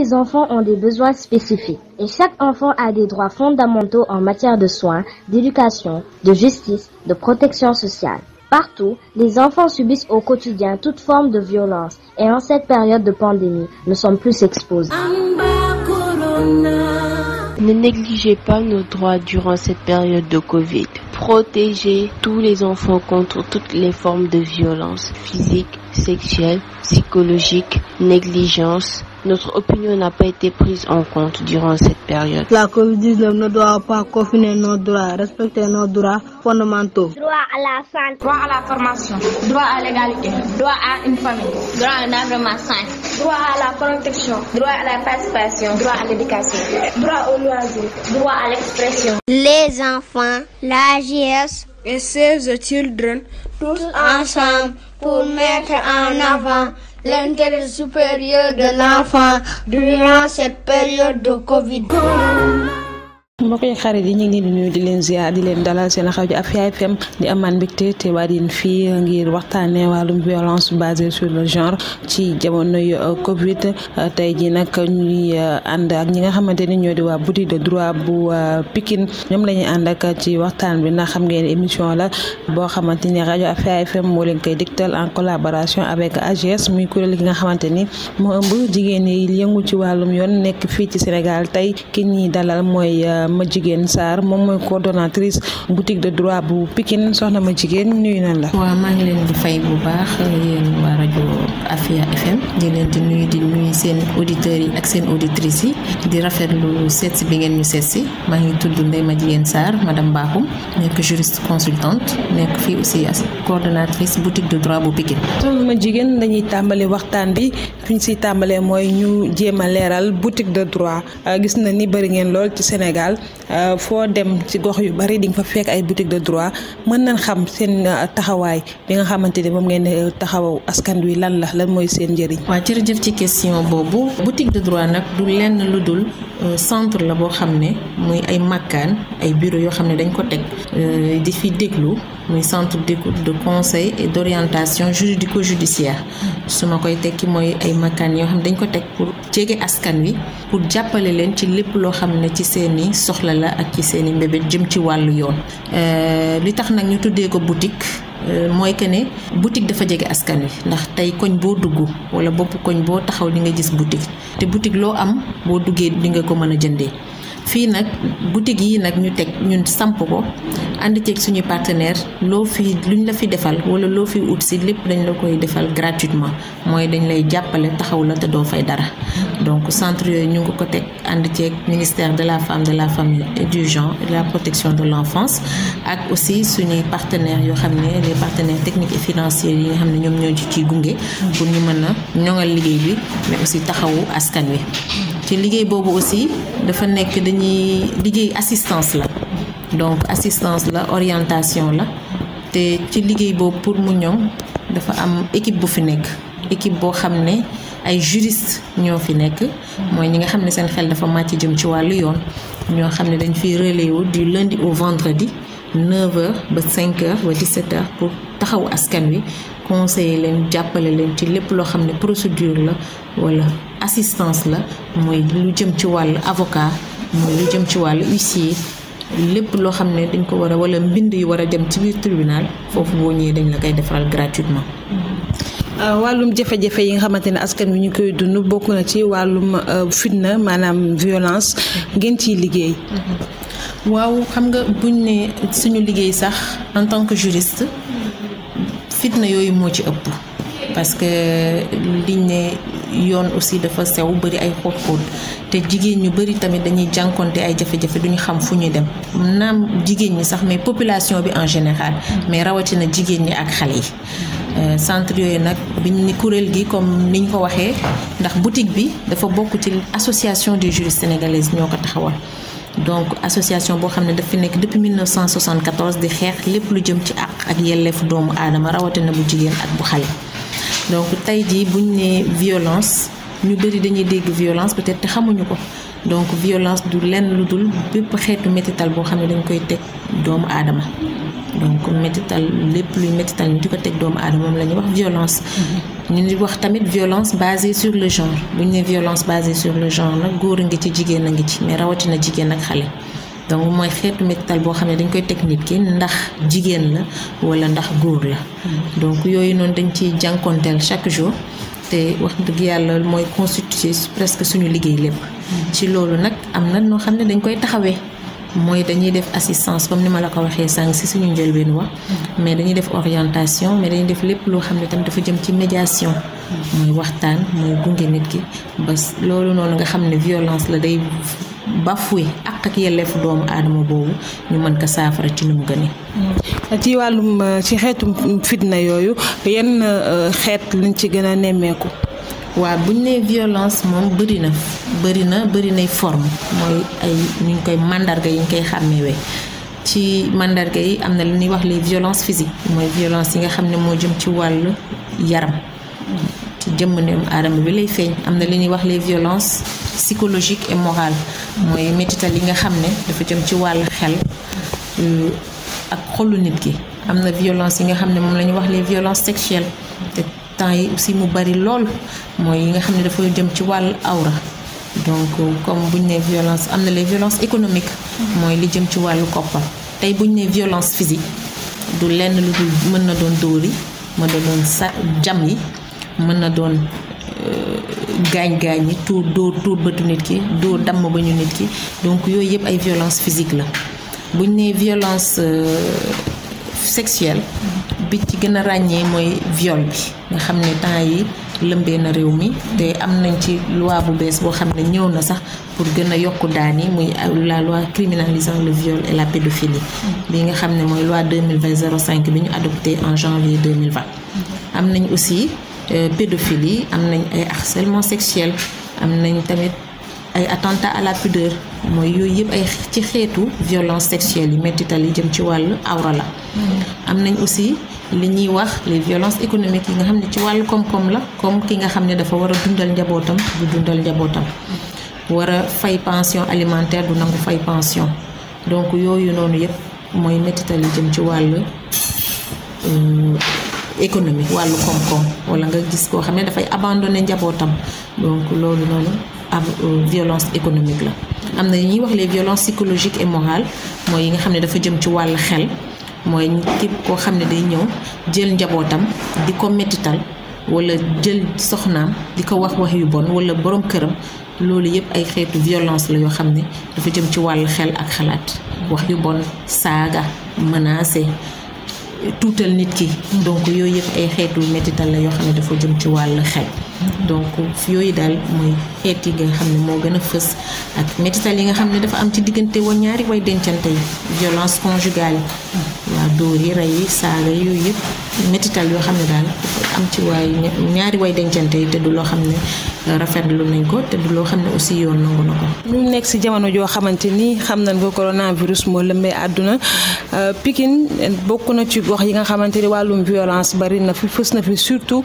les enfants ont des besoins spécifiques et chaque enfant a des droits fondamentaux en matière de soins, d'éducation, de justice, de protection sociale. Partout, les enfants subissent au quotidien toute forme de violence et en cette période de pandémie, nous sommes plus exposés. Ne négligez pas nos droits durant cette période de Covid. Protégez tous les enfants contre toutes les formes de violence physique, sexuelle, psychologique, négligence, Notre opinion n'a pas été prise en compte durant cette période. La covid ne doit pas confiner nos droits, respecter nos droits fondamentaux. Droit à l'égalité, droit à une famille, à la protection, droit à l'éducation, droit au loisir, droit à l'expression. Les enfants, l'AGS et Save the Children, tous ensemble pour mettre en avant l'intérêt supérieur de l'enfant durant cette période de Covid. mbokk xarit yi ñu ngi leen di nuyu di leen ziar di leen dalal seen xarit Afia FM di amaan mbégte te waa din fii ngir waxtaanee wàllum violence basée sur le genre ci jamonoy euh, Covid euh, tey ji nag ñuy euh, ànd ak ñi nga xamante ni ñoo di waa boutique de droit bu pikin ñoom la ñuy ànd ak ci waxtaan wi na xam ngeen émission la boo xamante ni rajo Afia FM moo leen koy diktal en collaboration avec AGS muy kuréel gi nga xamante ni moo ëmb jigéen yi yëngu ci wàllum yoon nekk fii ci Sénégal tey ki ñuy dalal mooy. ma jigéen Sarr moom mooy coordonnatrice boutique de droit bu Pikine soxna ma jigéen nuyu na la. waaw maa ngi leen di fay bu baax yéen waa rajo Afia FM di leen di nuyu di nuyu seen auditeurs yi ak seen auditrices yi di rafetlu seet si bi ngeen ñu seet si maa ngi tudd Ndeye ma jigéen Sarr madame Bakhoum nekk juriste consultante nekk fii aussi coordonnatrice boutique de droit bu Pikine. soxna ma jigéen dañuy tàmbali waxtaan bi fi si tàmbalee mooy ñu jéem a leeral boutique de droit ah, gis na ni bëri ngeen lool ci Sénégal. Euh, foo dem ci gox yu bari di nga fa fekk ay boutique de droit mën nañ xam seen euh, taxawaay bi nga xamante ne moom ngeen euh, taxawaw askan wi lan la lan mooy seen njëriñ. waa cër jërëjëf ci question boobu boutique de droit nag du lenn lu dul centre la boo xam ne muy ay makkaan ay bureau yoo xam ne dañ ko teg di fi déglu. muy centre d'écoute de conseil et d'orientation juridico-judiciaire su ma koy tekki mooy ay makkaan yoo xam ne dañ ko teg pour jege askan wi pour jàppale leen ci lépp loo xam ne ci seeni soxla la ak ci seeni mbébét jëm ci wàllu yoon euh, li tax nag ñu tuddee ko boutique euh, mooy que ne boutique dafa jege askan wi ndax tey koñ boo dugg wala bopp koñ boo taxaw di nga gis boutique te boutique loo am boo duggee di nga ko mën a jëndee fii nag boutique yi nag ñu teg ñun samp ko ànd ceeg suñuy partenaire loo fi ñu la fi defal wala loo fi ut si lépp dañ la koy defal gratuitement mooy dañ lay jàppale taxaw la te doo fay dara donc centre yooyu ñu ngi ko teg ànd ceeg ministère de la femme de la famille et du genre et la protection de l'enfance ak aussi suñuy partenaires yoo xam ne les partenaires technique et financiers yi nga xam ne ñoom ñoo ci ciy gunge pour ñu mën a ñoŋal liggéey bi mais aussi taxawu askan wi dañuy liggéey assistance la donc assistance la orientation la te ci liggéey boobu pour mu ñëw dafa am équipe bu fi nekk équipe boo xam ne ay juriste ñoo fi nekk mooy ñi nga xam ne seen xel dafa màcc jëm ci wàllu yoon ñoo xam ne dañ fi relais wu du lundi au vendredi 9h ba 5h ba 17 pour taxawu askan wi conseiller leen jàppale leen ci lépp loo xam ne procédure la walla assistance la mooy lu jëm ci wàllu avocat mooy lu jëm ci wàll huissier lépp loo xam ne dañ ko war a walla mbind yi war a dem ci biir tribunal foofu boo ñëwee dañ la koy defaral gratuitement. Euh, wàllum jafe-jafe yi nga xamante ne askan wi ñu koy dund bokk na ci wàllum euh, fitna maanaam violence ngeen ciy liggéey. waaw xam nga buñ ne suñu liggéey sax en tant que juriste. fitna yooyu moo ci ëpp parce que liñ ne yoon aussi dafa sew bëri ay xóot-xóot te jigéen ñu bëri tamit dañuy jànkonte ay jafe-jafe duñu xam fu ñuy dem naam jigéen ñi sax mais population bi en général mais rawatina jigéen ñi ak xale yi euh, centre yooyu nag biñ ni kuréel gi comme niñ ko waxee ndax boutique bi dafa bokk ci association des juristes sénégalaises ñoo ko taxawal donc association boo xam ne daf fi nekk depuis 1974 di xeex lépp lu jëm ci àq ak yelleefu doomu aadama rawatina bu jigéen ak bu xale. donc tey jii buñ nee violence ñu bëri dañuy dégg violence peut-être te xamuñu ko donc violence du lenn lu dul bépp xeetu métital boo xam ne dañ koy teg doomu aadama. donc métital lépp luy métital ñu di ko teg doomu aadama moom la ñuy wax violence. Mm-hmm. ñu ngi wax tamit violence basée sur le genre bu ñu ne violence basée sur le genre nag góor a ngi ci jigéen a ngi ci mais rawatina jigéen ak xale donc mooy xeetu méttal boo xam ne dañ koy teg nit ki ndax jigéen la wala ndax góor la donc yooyu noonu dañ ciy jànkonteel chaque jour te wax dëgg yàlla mooy constituer presque suñu liggéey lépp ci loolu nag am na noo xam ne dañ koy taxawee mooy dañuy def assistance comme ni ma la ko waxee sànq si suñu njëlbeen wax mais dañuy def orientation mais dañuy def lépp loo xam ne tamit dafa jëm ci médiation mooy waxtaan mooy gunge nit ki ba loolu noonu nga xam ne violence la day bafoué ak ak yelleefu doomu aadama boobu ñu mën ko saafara ci nu mu gënee. ci wàllum ci xeetu fitna yooyu yenn euh, xeet luñ ci gën a nemmeeku. waaw buñ nee violence moom bëri na. bëri na bëri nay forme mooy ay ñu koy mandarga yi ñu koy xàmmewee ci mandarga yi am na lu ñuy wax les violences physiques mooy violence yi nga xam ne moo jëm ci wàllu yaram ci jëmm ne aadama bi lay feeñ am na li ñuy wax les violences psychologiques et morales mooy métital yi nga xam ne dafa jëm ci wàllu xel euh, ak xolu nit ki am na violence yi nga xam ne moom la ñuy wax les violences sexuelles te temps yi aussi mu bari lool mooy yi nga xam ne dafa jëm ci wàll awra donc euh, comme bu ñu nee violence am na les violences économique mooy li jëm ci wàllu koppar. tey bu ñu nee violence physique du lenn lu dul mën na doon dóor yi mën na doon sa jam yi mën na doon euh, gaañ gaañ yi tuur dóor tuur bëtu nit ki dóor damm ba ñu nit ki donc yooyu yëpp ay violence physique la buñ ne nee violence euh, sexuelle bi ci gën a ràññee mooy viol bi nga xam ne temps yi lëmbee na réew mi te am nañ ci loi bu bees boo xam ne ñëw na sax pour gën a yokk daani yi muy la loi criminalisant le viol et la pédophilie mm-hmm. bi nga xam ne mooy loi 2020 05 bi ñu adopté en janvier 2020 mm-hmm. am nañ aussi euh, pédophilie am nañ ay harcèlement sexuel am nañ tamit ay attentat à la pudeur mooy yooyu yëpp ay ci xeetu violence sexuelle yi mettital yi jëm ci wàllu awra la mm-hmm. am nañ aussi li ñuy wax les violences économiques yi nga xam ne ci wàllu koom-koom la comme ki nga xam ne dafa war a dundal njabootam du dundal njabootam war a fay pension alimentaire du nangu fay pension donc yooyu noonu yëpp mooy métital yi jëm ci wàll euh, économie wàllu koom wala nga gis koo xam ne dafay abandonné njabootam donc loolu noonu am euh, violence économique la am na ñuy wax les violences psychologiques et morales mooy yi nga xam ne dafa jëm ci wàllu xel mooy ñu koo xam ne day ñëw jël njabootam di ko mettital wala jël soxnaam di ko wax wax yu bon wala borom këram loolu yëpp ay xeetu violence la yoo xam ne dafa jëm ci wàll xel ak xalaat wax yu bon saaga menacé tuutal nit ki donc yooyu yëpp ay xeetu métital la yoo xam ne dafa jëm ci wàll xel donc yooyu daal mooy xeet yi nga xam ne moo gën a fës ak métital yi nga xam ne dafa am ci diggante wa ñaari way dencante yi violence conjugale yi waa dóor yi rey yi saaga yooyu yëpp métital yoo xam ne daal am ci waay ñaari way dencante yi te du loo xam ne rafetlu nañ ko te du loo xam ne aussi yoon nangu na ko. ñu nekk si jamono joo xamante ni xam nañ ko coronavirus moo lëmbee àdduna euh, pikin bokk na ci gox yi nga xamante ni wàllum violence bari na fi fës na fi surtout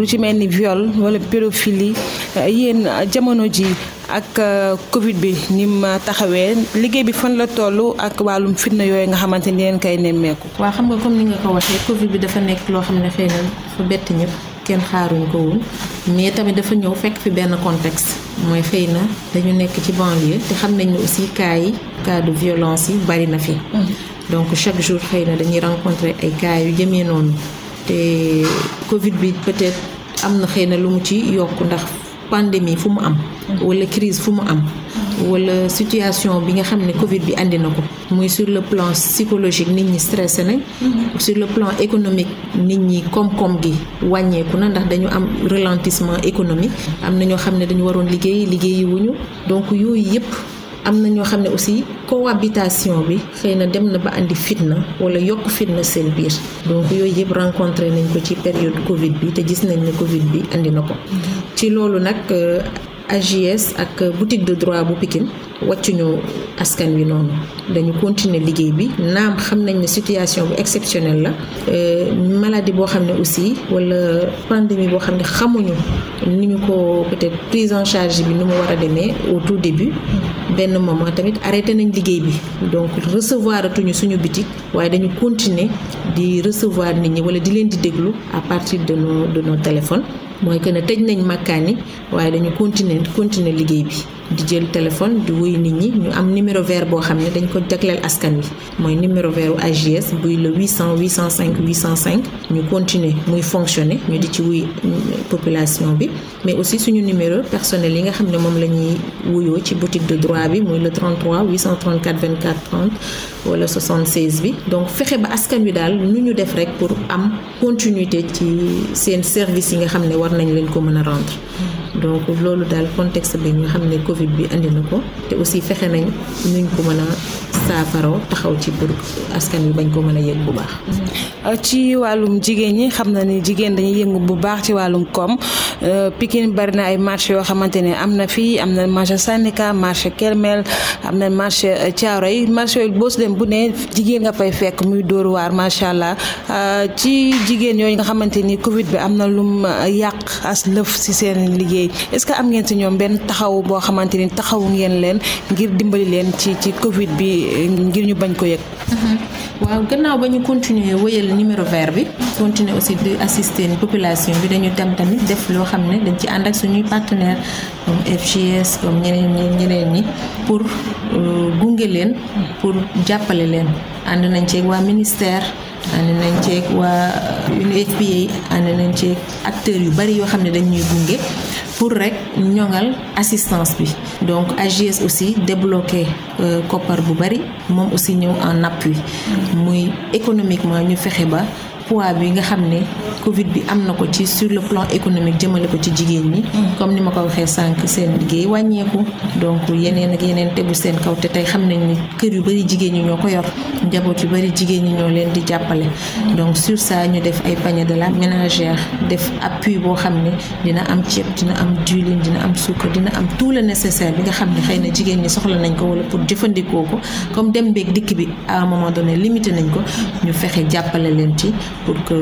lu ci mel ni viole wala pédophilie euh, yéen jamono ji ak euh, Covid bi ni ma taxawee liggéey bi fan la toll ak wàllum fitna yooyu nga xamante ni leen kay nemmeeku. waa xam nga comme ni nga ko waxee Covid bi dafa nekk loo xam ne xëy na dafa kenn xaaruñ ko mais tamit dafa ñëw fekk fi benn contexte mooy xëy na dañu nekk ci banlieue te xam nañ ne aussi cas yi cas de violence yi bari na fi. Mm-hmm. donc chaque jour xëy na dañuy rencontrer ay cas yu jëmee noonu te Covid bi peut-être am na xëy na lu mu ci yokk ndax. pandémie fu mu am wala crise fu mu am wala situation bi nga xam ne Covid bi andi na ko muy sur le plan psychologique nit ñi stressé nañ mhm. sur le plan économique nit ñi koom-koom gi wàññeeku na ndax dañu am ralentissement économique am na ñoo xam ne dañu waroon liggéey liggéeyi wuñu donc yooyu yëpp am na ñoo xam ne aussi cohabitation bi xëy na dem na ba andi fitna wala yokk fitna seen biir donc yooyu yëpp rencontrer nañ ko ci periode Covid bi te gis nañ ne Covid bi indi na ko mm-hmm. ci loolu nag euh, AJS ak boutique de droit bu pikin wàccuñu askan wi noonu dañu continuer liggéey bi naam xam nañ ne situation bu exceptionnelle la euh, maladie boo xam ne aussi wala pandémie boo xam ne xamuñu ni ñu ko peut-être en charge bi ni mu war a demee au tout début benn moment tamit arrêté nañ liggéey bi donc recevoir atuñu suñu bitik waaye dañu continuer di recevoir nit ñi wala di leen di déglu à partir de nos de no téléphones mooy que ne tëj nañ màkkaan waaye dañu continuer continuer liggéey bi di jël téléphone di wuy nit ñi ñu am numéro vert boo xam ne dañ ko jagleel askan wi mooy numéro vertu AJS buy le 800 805 805 ñu continuer muy fonctionner ñu di ci wuy population bi mais aussi suñu numéro personnel yi nga xam ne moom la ñuy wuyoo ci boutique de droit bi muy le 33 834 24 30 wala 76 bi donc fexe ba askan wi daal nu ñu def rek pour am continuité ci seen service yi nga xam ne war nañ leen ko mën a rendre donc loolu daal contexte bi nga xam ne Covid bi andi na ko te aussi fexe nañ nuñ ko mën a saafaroo taxaw ci pour askan bi bañ ko mën a yëg bu baax. Euh, ci wàllum jigéen ñi xam na ni jigéen dañuy yëngu bu baax ci wàllum koom euh, Pikine bari na ay marché yoo xamante ne am na fii am na marché Sandaga marché Kermel am na marché euh, Thiaroye marché yooyu boo bu ne jigéen nga fay fekk muy dóor waar macha allah ci jigéen yooyu nga xamante ni Covid bi am na lum yàq as lëf si seen liggéey. yi est-ce que am ngeen si ñoom benn taxaw boo xamante ni taxawu ngeen leen ngir dimbali leen ci ci Covid bi ngir ñu bañ ko yëg. Mhm. waaw gannaaw ba ñu continuer wëyal numéro vert bi. continuer aussi di assister population bi dañu dem tamit def loo xam ne dañ ci ànd ak suñuy partenaires comme FGS comme ñeneen ñi ñeneen ñi pour euh, gunge leen. pour jàppale leen ànd nañ ci waa ministère. ànd nañ ceeg waa UNFPA ànd nañ ceeg acteurs yu bari yoo xam ne dañ gunge pour rek ñoŋal assistance bi donc AJS aussi débloqué euh, koppar bu bari moom aussi ñëw en napp appui muy économiquement ñu fexe ba pois bi nga xam ne Covid bi am na ko ci sur le plan économique jëmale ko ci jigéen ñi. Mm. comme ni ma ko waxee sànq seen liggéey wàññeeku. donc yeneen ak yeneen tegu seen kaw te tey xam nañ ni kër yu bari jigéen ñi ñoo ko yor njaboot yu bari jigéen ñi ñoo leen di jàppale. donc sur ñu def ay pañe de la ménagère def appui boo xam ne dina am ceeb dina am diwlin dina am suukar dina am tout le nécessaire bi nga xam ne xëy na jigéen ñi soxla nañ ko wala pour jëfandikoo ko comme dem beeg dikk bi à un moment donné limité nañ ko ñu fexe jàppale leen ci. pour que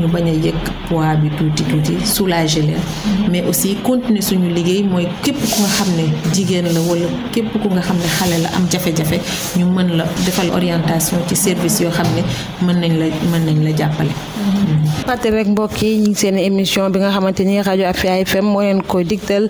ñu bañ a yëg poids bi tuuti tuuti soulager leen mhm. mais aussi continuer suñu liggéey mooy képp ku nga xam ne jigéen la wala képp ku nga xam ne xale la am jafe-jafe ñu mën la defal orientation ci service yoo xam ne mën nañ la mën nañ la jàppale mhm. fàttali rek mbokk yi ñu ngi seen émission bi nga xamante ni rajo Afia FM moo leen ko digtal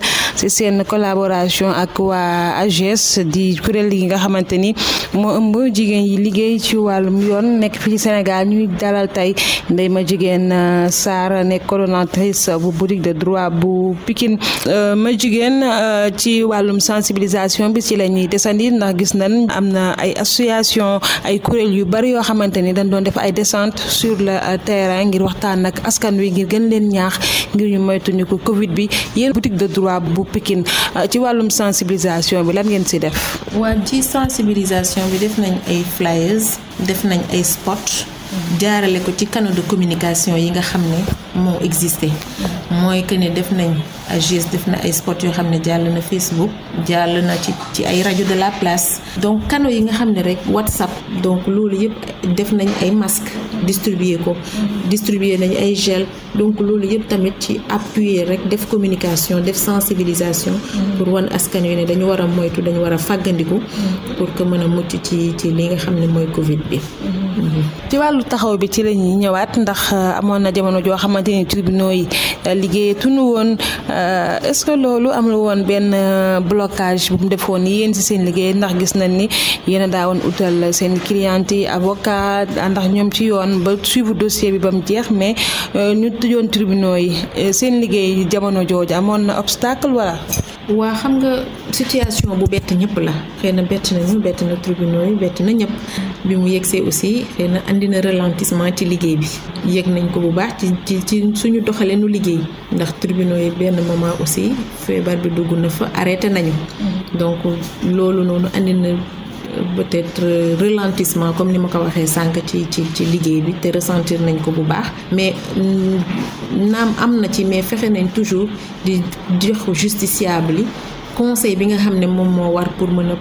seen collaboration ak waa AGS di kuréel yi nga xamante ni moo ëmb jigéen yi liggéey ci wàllum yoon nekk fii Sénégal ñuy dalal tey Ndeye Madjiguène euh, Sarr nekk coronatrice bu boutique de droit bu Pikine euh, Madjiguène euh, ci wàllum sensibilisation bi ci la ñuy desandi ndax gis nañ am na ay association ay kuréel yu bari yoo xamante ni dañ doon def ay descente sur le terrain ngir waxtaan ak askan wi ngir gën leen ñaax ngir ñu moytuñu ko Covid bi yéen boutique de droit bu Pikine ci wàllum sensibilisation bi lan ngeen si def. waaw ci sensibilisation bi def nañ ay flyers def nañ ay spots. jaarale ko ci canaux de communication yi nga xam ne moo existe mooy que ne def nañ AGS def na ay spots yoo xam ne jàll na Facebook jàll na ci ci ay rajo de la place donc canaux yi nga xam ne rek WhatsApp donc loolu yëpp def nañ ay masques distribuer ko distribuer nañu ay gel donc loolu yëpp tamit ci appuyer rek def communication def sensibilisation pour wan askan wi ne dañu war a moytu dañu war a fàggandiku pour que mën a mucc ci ci li nga xam ne mooy covid bi ci wàllu taxaw bi ci la ñëwaat ndax euh, amoon na jamono joo xamante ni tribunaux yi euh, liggéeyatuñu woon euh, est-ce que loolu amul woon benn blocage bu mu defoon yéen ci seen liggéey ndax gis nañ ni yéen a daawoon utal seen client yi avocat ndax ñoom ci yoon yoon ba suivre dossier bi ba mu jeex mais euh, ñu tëjoon tribunaux yi euh, seen liggéey jamono jooju amoon na obstacle wala. waa xam nga situation bu bett ñëpp la xëy na bett nañu bett na tribunaux yi bett na ñëpp bi mu yegsee aussi xëy na andi ci liggéey bi yëg nañ ko bu baax ci ci ci suñu doxaleenu liggéey ndax tribunaux yi benn moment aussi feebar bi dugg na fa arrêté nañu mm. donc loolu noonu andi na peut-être euh, ralentissement comme ni ma ko waxee sànq ci ci ci liggéey bi te ressentir nañ ko bu baax mais mm, naam am na ci mais fexe nañ toujours di jox justiciable yi conseil bi nga xam ne moom moo war pour mën a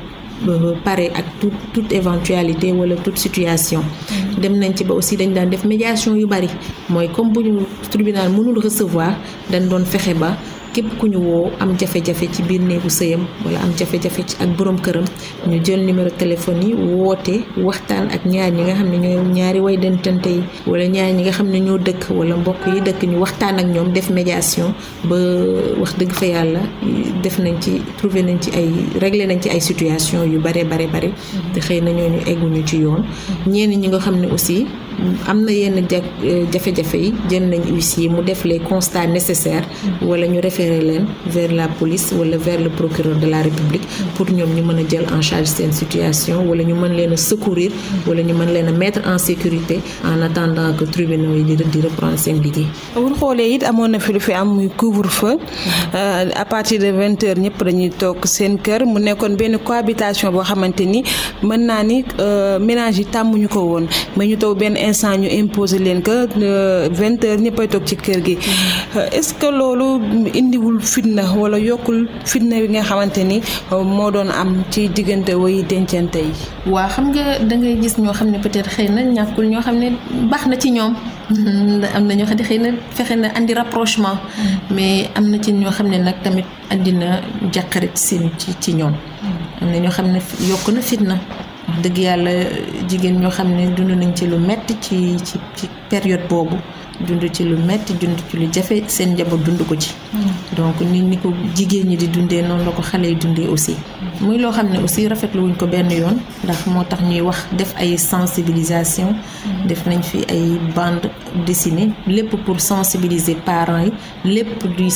euh, pare ak tout toute éventualité wala tout situation mm-hmm. dem nañ ci ba aussi dañ daan def médiation yu bari mooy comme bu ñu tribunal mënul recevoir dañ doon fexe ba képp ku ñu woo am jafe-jafe ci biir néegu sëyam wala am jafe-jafe ci ak boroom këram ñu jël numéro téléphone yi woote waxtaan ak ñaar ñi nga xam ne ñooy ñaari way dentante wala ñaar ñi nga xam ne ñoo dëkk wala mbokk yi dëkk ñu waxtaan ak ñoom def médiation ba wax dëgg fa yàlla def nañ ci trouver nañ ci ay réglé nañ ci ay situation yu bare bare bare te xëy na ñooñu egguñu ci yoon mm-hmm. ñenn ñi nga xam ne aussi am na yenn euh, jafe-jafe yi jël nañ huissier mu def les constats nécessaires wala ñu référer leen vers la police wala vers le procureur de la république pour ñoom ñu mën a jël en charge seen situation wala ñu mën leen a secourir wala ñu man leen a mettre en sécurité en attendant que tribunaux yi di di reprendre seen liggéey. bu xoolee it amoon na fi lu fi am muy couvre-feu euh, à partir de vingt heures ñëpp dañuy toog seen kër mu nekkoon benn cohabitation boo xamante ni mën naa ni euh, ménage yi tàmmuñu ko woon instant ñu imposer leen que euh, vingt heures ñëppay toog ci kër gi euh, est-ce que loolu indiwul fitna wala yokkul fitna yi nga xamante ni euh, moo doon am ci diggante way dencante yi. waa xam nga da ngay gis ñoo xam ne peut-être xëy na ñàkkul ñoo xam ne baax na ci ñoom am na ñoo xam ne xëy na fexe na andi rapprochement mm. mais am na ci ñoo xam ne nag tamit andi na jàqare ci ci ci ñoom. Mm. am na ñoo xam ne yokk na fitna. dëgg yàlla jigéen ñoo xam ne dund nañ ci lu metti ci ci ci période boobu jund ci lu metti jund ci lu jafe seen njaboot dund ko ci hmm. donc ni ñi ko jigéen ñi di dundee noonu la ko xale yi dundee aussi hmm. muy loo xam ne aussi rafetlu wuñ ko benn yoon ndax moo tax ñuy wax def ay sensibilisation hmm. def nañ fi ay bande dessinée lépp pour sensibiliser parent yi lépp du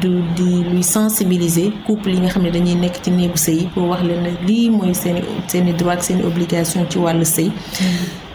du di luy sensibiliser couple yi nga xam ne dañuy nekk ci néegu sëy pour wax leen lii mooy seen i seen i droit ak obligation ci wàll sëy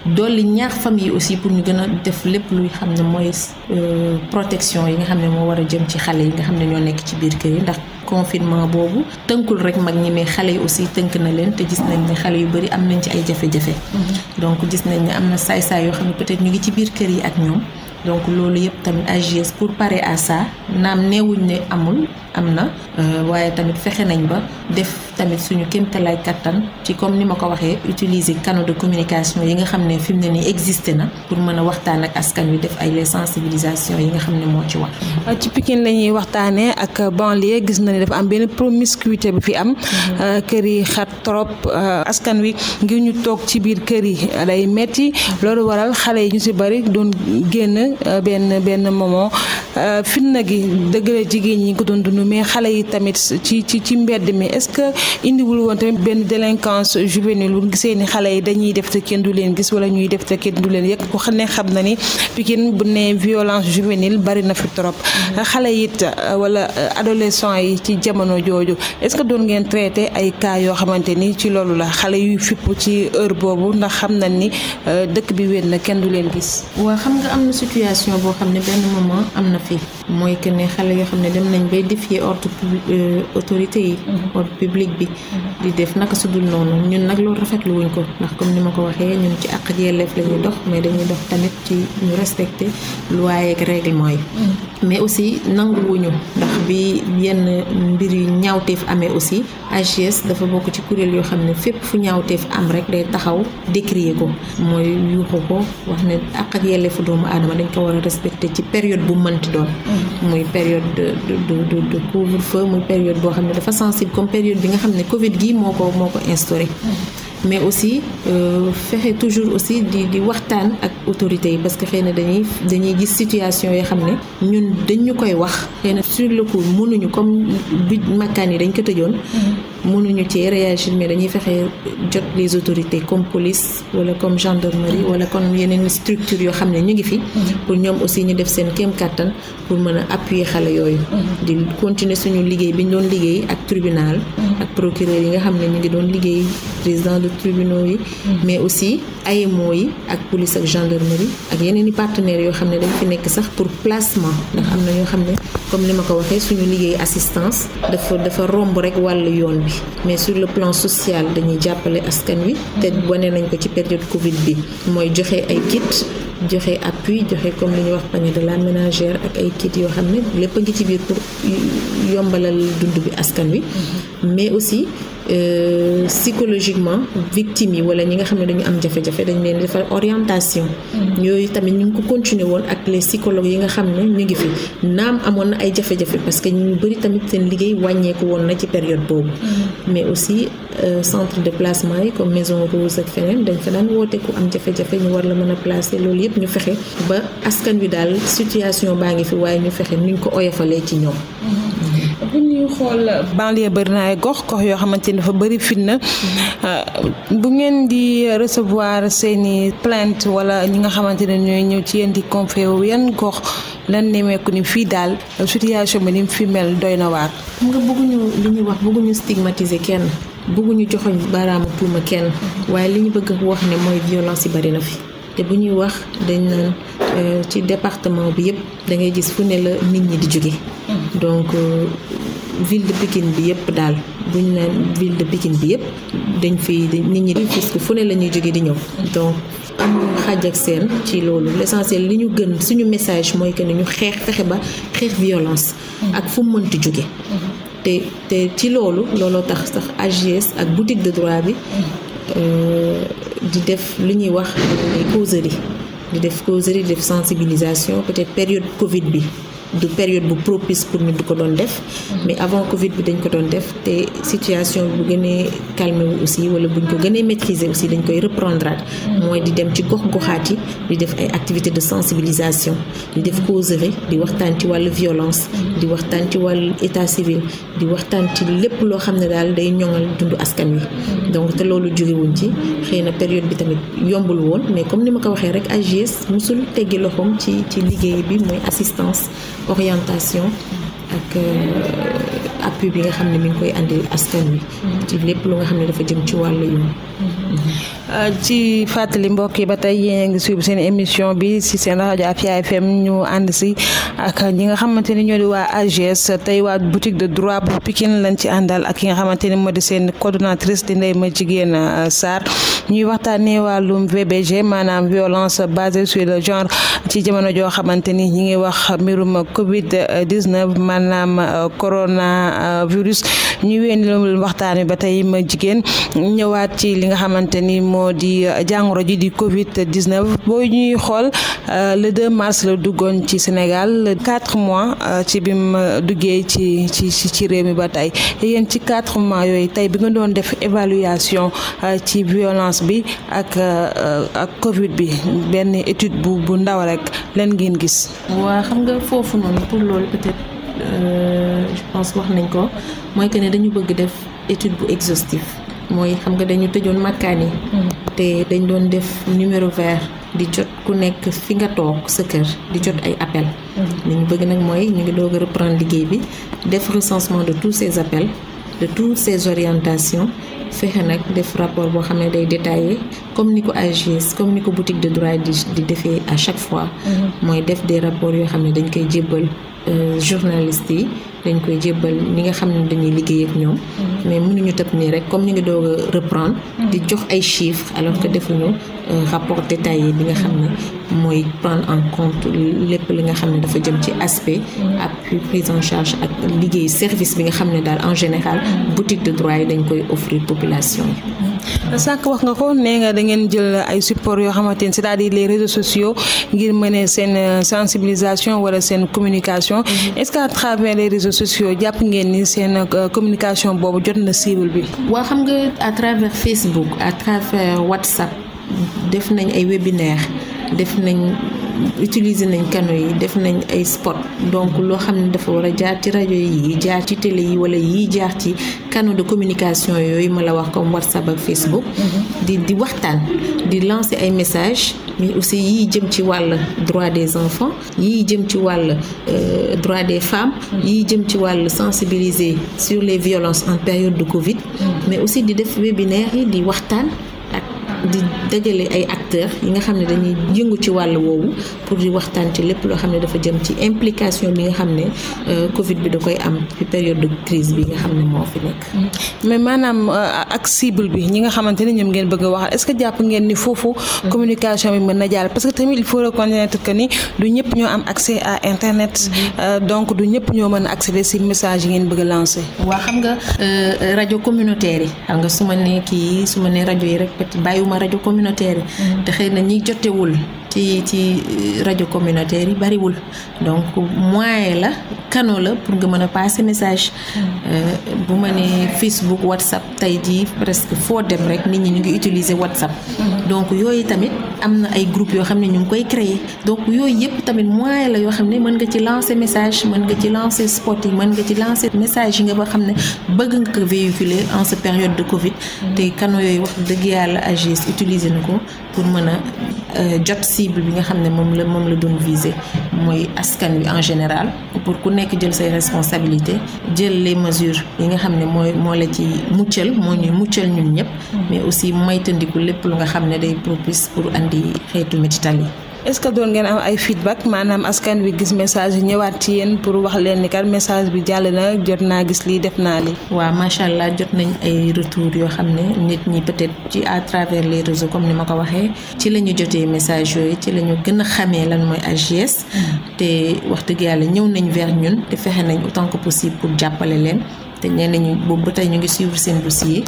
dolli ñaax famille aussi pour ñu gën a def lépp luy xam ne mooy euh, protection yi nga xam ne moo war a jëm ci xale yi nga xam ne ñoo nekk ci biir kër yi ndax confinement boobu tënkul rek mag ñi mais xale yi aussi tënk na leen te gis nañ ne xale yu bëri am nañ ci ay jafe-jafe mm-hmm. donc gis nañ ne am na saay-saay yoo xam ne peut-être ñu ngi ci biir kër yi ak ñoom donc loolu yëpp tamit AJS pour pare à ça naam neewuñ ne amul am na euh, waaye tamit fexe nañ ba def tamit suñu kéemtalaay kattan ci comme ni ma ko waxee utiliser canaux de communication yi nga xam ne fi mu ne nii existé na pour mën a waxtaan ak askan wi def ay les sensibilisation yi nga xam ne moo ci wax. ci Pikine la ñuy waxtaanee ak banlieue gis na ni dafa am benn promise promiscuité bu fi am. Mhm. Euh, kër yi xat trop euh, askan wi ngir ñu toog ci biir kër yi lay metti loolu waral xale yi ñu si bari doon génn benn benn moment fitna gi dëgg la mais xale yi tamit ci ci ci mbedd mi est-ce que indiwul woon tamit benn délinquance juvénile bu gisee ni xale yi dañuy def te kenn du leen gis wala ñuy def te du leen yëg ku xam ne xam na ni Pikine bu ne violence juvénile bari na fi trop xale it wala adolescent yi ci jamono jooju est-ce que doon ngeen traité ay cas yoo xamante ni ci loolu la xale yuy fipp ci heure boobu ndax xam nañ ni euh, dëkk bi wéet na kenn du leen gis waa xam nga am na situation boo xam ne benn moment am na fi mooy que ne xale yoo xam ne dem nañ bay défier attaquer ordre euh, autorité yi mhm. ordre public bi mhm. di def naka sudul noonu ñun nag loolu rafetlu wuñ ko ndax comme ni ma ko waxee ñun ci àq ak yelleef la ñuy dox mais dañuy dox tamit ci ñu respecter loi ak règlement yi mhm. mais aussi nanguwuñu ndax bi yenn mbir yu ñaawteef amee aussi AGS dafa bokk ci kuréel yoo xam ne fépp fu ñaawteef am rek day taxaw décrier ko mooy yuuxu ko wax ne àq ak yelleefu doomu aadama dañ ko war a respecter ci période bu mënti doon muy période pour feu mu période boo xam ne dafa sensible comme période bi nga xam ne Covid gi moo ko moo ko instauré. mais aussi euh, fexe toujours aussi di di waxtaan ak autorités yi parce que xëy na dañuy dañuy gis situation yoo xam ne ñun dañ koy wax xëy na sur le coup mënuñu comme bi makkaan yi dañ ko tëjoon. mënuñu ci réagir mais dañuy fexe jot les autorités comme police wala comme gendarmerie mm-hmm. wala comme yeneen structure yoo xam ne ñu ngi fi mm-hmm. pour ñoom aussi ñu def seen kéem kàttan pour mën a appuyer xale yooyu mm-hmm. di continuer suñu liggéey bi ñu doon liggéey ak tribunal ak procureur yi nga xam ne ñu ngi doon liggéey président de tribunaux yi mais aussi moo yi ak police ak gendarmerie ak yeneen i partenaires yoo xam ne dañ fi nekk sax pour placement ndax am na ñoo xam ne comme li ma ko waxee suñu liggéey assistance dafa dafa romb rek wàllu yoon bi mais sur le plan social dañuy jàppale askan wi te wone nañ ko ci période Covid bi mooy joxe ay kiit joxe appui joxe comme li ñuy wax panier de la ménagère ak ay kit yoo xam ne lépp a ngi ci biir pour yombalal dund bi askan wi mm-hmm. mais aussi. Euh, psychologiquement victime yi wala ñi nga xam ne dañu am jafe-jafe dañ leen defal orientation mm-hmm. yooyu tamit ñu ngi ko continuer woon ak les psychologues yi nga xam ne ñu ngi fi naam amoon na ay jafe-jafe parce que ñu bëri tamit seen liggéey wàññeeku woon na ci période boobu mm-hmm. mais aussi euh, centre de placement yi comme maison rose ak feneen dañ fa daan woote ku am jafe-jafe ñu war la mën a placer loolu yëpp ñu fexe ba askan wi daal situation baa ngi fi waaye ñu fexe nuñ ko oyofalee ci ñoom mm-hmm. xool banlieue bëri na ay gox gox yoo xamante ni dafa bëri fitna euh, bu ngeen di recevoir seeni plainte wala ñi nga xamante ne ñooy ñëw ci yéen di confier yan gox lan nemeeku fii daal situation bi fi mel doy na waar. xam nga bëgguñu li ñuy wax bëgguñu stigmatiser kenn bëgguñu joxoñ baaraamu tuuma kenn waaye li ñu bëgg wax ne mooy violence yi na fi. te bu ñuy wax dañ naan euh, ci département bi yëpp da ngay gis fu ne la nit ñi di jóge mm-hmm. donc euh, ville de Pikine bi yëpp daal bu ñu naan ville de Pikine bi yëpp dañ fiy nit ñi di puisque fu ne la ñuy jóge di ñëw donc amul xaaj ak seen ci loolu li ñu gën suñu message mooy que ne ñu xeex fexe ba xeex violence ak fu mu mënti jóge te te ci loolu looloo tax sax AJS ak boutique de droit bi euh, di def lu ñuy wax causerie di def causerie di def sensibilisation peut période Covid bi du période bu propice pour ñu du ko doon def mais avant Covid bi dañ ko doon def te situation bu gënee calmé wu aussi wala buñ ko gënee maîtriser aussi dañ koy reprendre mooy di dem ci gox goxaat yi di def ay activités de sensibilisation di def causerie di waxtaan ci wàllu violence di waxtaan ci wàllu état civil di waxtaan ci lépp loo xam ne daal day ñoŋal dundu askan wi donc te loolu jógewuñ ci xëy na période bi tamit yombul woon mais comme ni ma ko waxee rek AJS musul teggi loxoom ci ci liggéey bi mooy assistance orientation ak euh, appui bi nga xam ne mi koy andi askan wi. Mm-hmm. ci lépp lu nga xam ne dafa jëm ci wàllu yoon. Mm-hmm. Euh, ci fàttali mbokk yi ba tey yéen a ngi suivre seen émission bi si seen a Afia FM ñu ànd si ak ñi nga xamante ni ñoo di waa AGS tey waa boutique de droit bu Pikine lañ ci àndal ak ki nga xamante ni moo di seen coordonnatrice di Ndeye Madjiguène euh, Sarr ñuy waxtaanee wàllum VBG maanaam violence basée sur le genre ci jamono joo xamante ni ñi ngi wax mbirum Covid 19 maanaam euh, coronavirus ñu wéyal waxtaan wi ba tey ma jigéen ñëwaat ci li nga xamante xamante ni moo di euh, jàngoro ji di Covid 19 boo ñuy xool euh, le 2 mars la duggoon ci Sénégal quatre mois euh, ci bim duggee ci ci ci réew mi ba tey yéen ci quatre mois yooyu tey bi nga doon def évaluation ci violence bi ak ak Covid bi benn étude bu bu ndaw rek leen ngeen gis. waa xam nga foofu noonu pour loolu peut-être pense wax nañ ko mooy que ne dañu bëgg def étude bu exhaustive. mooy xam nga dañu tëjoon makkaan yi mm. te dañ doon def numéro vert di jot ku nekk fi nga toog sa kër di jot ay appel mm. li bëgg nag mooy ñu ngi doog a reprendre liggéey bi def recensement de tous ces appels de toutes ces orientations fexe nag def rapport boo xam ne day détaillé comme ni ko AGS comme ni ko boutique de droit di defee à chaque fois mm-hmm. mooy def des rapports yoo xam ne dañ koy jébbal euh, journalistes yi dañ koy jébbal ñi nga xam ne dañuy liggéey ak ñoom. Mm-hmm. mais mënuñu tëb nii rek comme ñu ngi doog a reprendre. Mm-hmm. di jox ay chiffres alors que defuñu euh, rapport détaillé bi nga xam ne mm-hmm. mooy prendre en compte lépp li nga xam ne dafa jëm ci aspect. ak prise en charge ak liggéey service bi nga xam ne daal en général boutique de droit yi dañ koy offrir population yi. sànq wax nga ko nee nga da ngeen jël ay support yoo xamante ne cest à di les réseaux sociaux ngir mener seen euh, sensibilisation wala seen communication est sociaux jàpp ngeen ni seen euh, communication boobu jot na cible bi. waa xam nga à travers Facebook à travers WhatsApp def nañ ay neex def nañ. utiliser nañ kano yi def nañ ay spot donc loo xam ne dafa war a jaar ci rajo yi jaar ci télé yi wala yi jaar ci canaux de communication yooyu ma la wax comme WhatsApp ak Facebook. Mm-hmm. di di waxtaan di lancer ay messages mais aussi yi jëm ci wàll droit des enfants yii jëm ci wàll euh, droit des femmes. Mm-hmm. yii jëm ci wàll sensibiliser sur les violences en période du Covid. Mm-hmm. mais aussi di def webinaire yi di waxtaan. di dajale ay acteurs yi nga xam ne dañuy yëngu ci wàll woowu pour di waxtaan ci lépp loo xam ne dafa jëm ci implication bi nga xam ne euh, Covid bi da koy am ci période de crise bi moo fi nekk. Mm-hmm. mais maanaam euh, ak cible bi ñi nga xamante ne ñoom ngeen bëgg a waxal est-ce que jàpp ngeen ni foofu. Mm-hmm. communication bi mën na jàll parce que tamit il faut reconnaître que ni du ñëpp ñoo am accès à internet. Mm-hmm. Euh, donc du ñëpp ñoo mën a accéder si message yi ngeen bëgg lancé lancer. waaw xam nga rajo communautaire yi xam nga ma rajo communautaire yi. Mm-hmm. te xëy na ñi jotewul ci ci euh, rajo communautaire yi bariwul donc moyen la canal la pour nga mën a passer message euh, bu ma nee Facebook WhatsApp tey jii presque foo dem rek nit ñi ñu ngi utiliser WhatsApp mm-hmm. donc yooyu tamit am na ay groupe yoo xam ne ñu ngi koy créer donc yooyu yëpp tamit moyen la yoo xam ne mën nga ci lancer message mën nga ci lancer spot yi mën nga ci lancer message yi nga ba xam ne bëgg nga ko véhiculer en cette période de Covid mm-hmm. te canaux yooyu wax dëgg yàlla AGS utiliser na ko pour mën a euh, jot cible bi nga xam ne moom la moom la doon viser mooy askan wi en général pour ku nekk jël say responsabilités jël les mesures yi nga xam ne mooy moo la ci muccal moo ñuy muccal ñun ñëpp mais aussi moytandiku lépp lu nga xam ne day propice pour andi xeetu métital yi est-ce que doon ngeen am ay feedback maanaam askan wi gis message yi ñëwaat ci yéen pour wax leen ni kat message bi jàll na jot naa gis lii def naa lii. waa macha allah jot nañ ay retours yoo xam ne nit ñi peut-être ci à travers les réseaux comme ni ma ko waxee ci la ñu jotee message yooyu ci la ñu gën a xamee lan mooy AJS. te wax dëgg yàlla ñëw nañ vers ñun te fexe nañ autant que possible pour jàppale leen. te ñenn ñu boobu ba tey ñu ngi suivre seen dossier.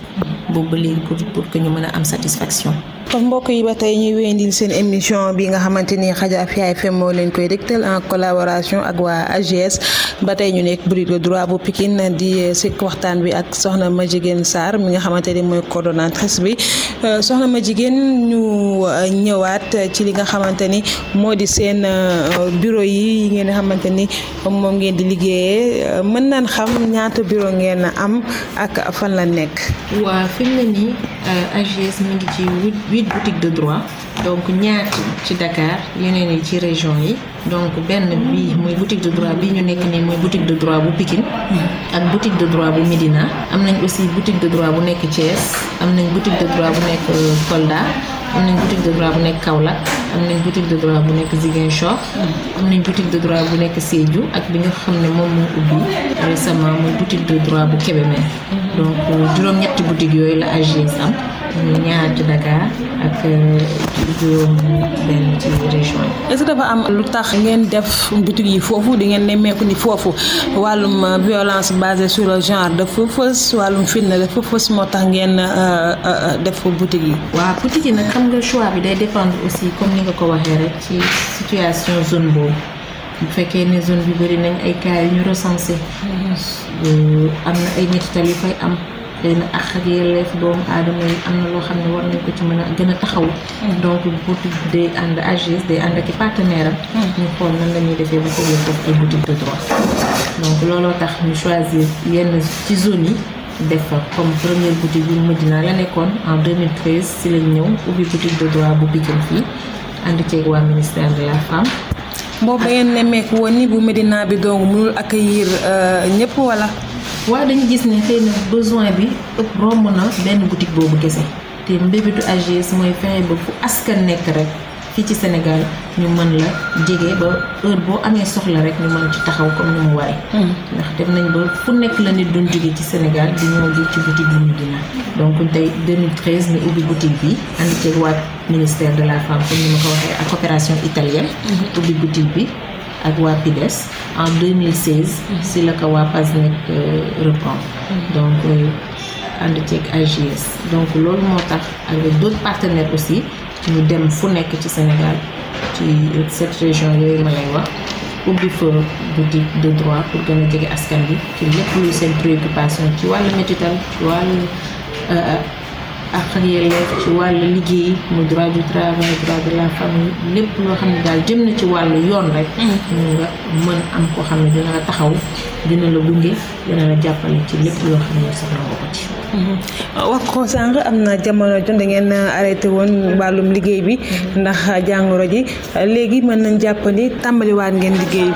boobu ba léegi pour que ñu mën a am satisfaction. mbokk yi ba tey ñuy wéyandil seen émission bi nga xamante ni Raja Afia FM moo leen koy dégtal en collaboration ak waa AGS ba tey ñu nekk bride de droit bu Pikine di euh, sikk waxtaan bi ak soxna ma jigéen saar mi nga xamante ni mooy coordonnatrice bi euh, soxna ma jigéen ñu euh, ñëwaat ci li nga xamante ni moo di seen bureau yi ngeen xamante ni moom ngeen di liggéeyee mën naan xam ñaata bureau ngeen am ak fan la nekk. waa fi mu ne AGS mi ngi ci huit boutiques de droit donc ñaati ci dakaar yeneen yi ci région yi donc benn bi muy boutique de droit bi ñu nekk nii muy boutique de droit bu pikin ak boutique de droit bu Médina am nañ aussi boutique de droit bu nekk Thiès am nañ boutique de droit bu nekk euh, Kolda am nañ boutique de droit bu nekk Kaolack am nañ boutique de droit bu nekk Ziguinchor am nañ boutique de droit bu nekk Sédhiou ak bi nga xam ne moom moo ubbi récemment muy boutique de droit bu Kébémer mm-hmm. donc euh, juróom-ñetti yooyu la AJS am ñaar ci Dakar ak euh, juróom benn ci région yi. am lu tax ngeen def boutique yi foofu di ngeen nemmeeku ni foofu wàllum euh, violence basée sur le genre dafa fës wàllum fitna dafa fës moo tax ngeen euh, def boutique yi. waaw boutique yi nag xam nga choix bi day dépendre aussi comme ni nga ko waxee rek ci situation zone boobu. bu fekkee ne zone bi bëri nañ ay cas yu ñu recensé. Mm-hmm. am na ay ñettital yu fay am. xëy na ak ak yelleef doomu aadama yi am na loo xam ne war nañ ko ci mën a gën a taxawu. Hmm. donc boutique day ànd AGS day ànd ak i partenaire am. Hmm. ñu xool nan la ñuy defee ba problème boobu ay boutique de droit. donc looloo tax ñu choisir yenn ci zone yi. def comme première boutique bi Medina la nekkoon en 2013 si lañ ñëw ubbi boutique de droit bu Pikine fii ànd ceeg waa ministère de la femme. boobu ngeen nemmeeku woon ni bu Medina bi dong mënul accueillir euh, ñëpp wala. waaw dañu gis ne xëy na besoin bi ëpp romb na benn boutique boobu kese te mbébétu AJS mooy fexe ba fu askan nekk rek fii ci Sénégal ñu mën la jege ba heure boo amee soxla rek ñu mën ci taxaw comme ni mu waree. Hmm. ndax dem nañ ba fu nekk la nit doon jóge ci Sénégal di ñëw ji ci boutique bu Médina. donc tey 2013 ñu ubbi boutique bi ànd ceeg waa ministère de la femme comme ni ma ko waxee ak coopération italienne. Hmm. ubbi boutique bi. ak waa PIDES en 2016 mm-hmm. si la ko waa PASNEC euh, reprendre mm-hmm. donc euh, ànd ceeg AGS donc loolu moo tax avec d'autres partenaires aussi ñu dem fu nekk ci Sénégal ci cette région yooyu ma lay wax ubbi fa boutique de droit pour gën a jege askan bi ci lépp luy seen préoccupation ci wàllu métital ci wàllu euh, ak ak yelleef ci wàllu liggéey mu droit du travail la famille lépp loo xam ne daal jëm na ci wàllu yoon rek ñu mm. nga mën am koo xam ne dina la taxaw dina la gunge dina la jàppale ci lépp loo xam ne soxla nga ko ci mm-hmm. wax ko sànq am na jamono jon da ngeen arrêté woon wàllum liggéey bi mm-hmm. ndax jàngoro ji léegi mën nañ jàpp ni tàmbaliwaat ngeen liggéey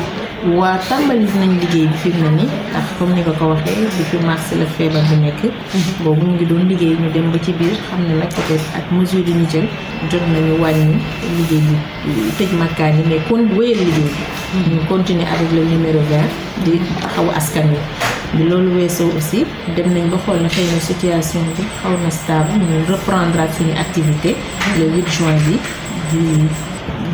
bi waa tàmbali nañ liggéey bi fi mu ne ndax comme ni nga ko waxee depuis mars la feebar bi nekk mhm. boobu ñu ngi doon liggéey ñu dem ba ci biir xam ne nag peut-être ak mesure yi ñu jël jot nañu wàññi liggéey bi tëj makkaan yi mais kon wéyal liggéey bi mhm. ñu continuer avec le numéro vert di taxaw askan wi bi loolu weesoo aussi dem nañ ba xool na xëy na situation bi xaw na stable ñu reprendre ak suñu activité mhm. le 8 juin bi di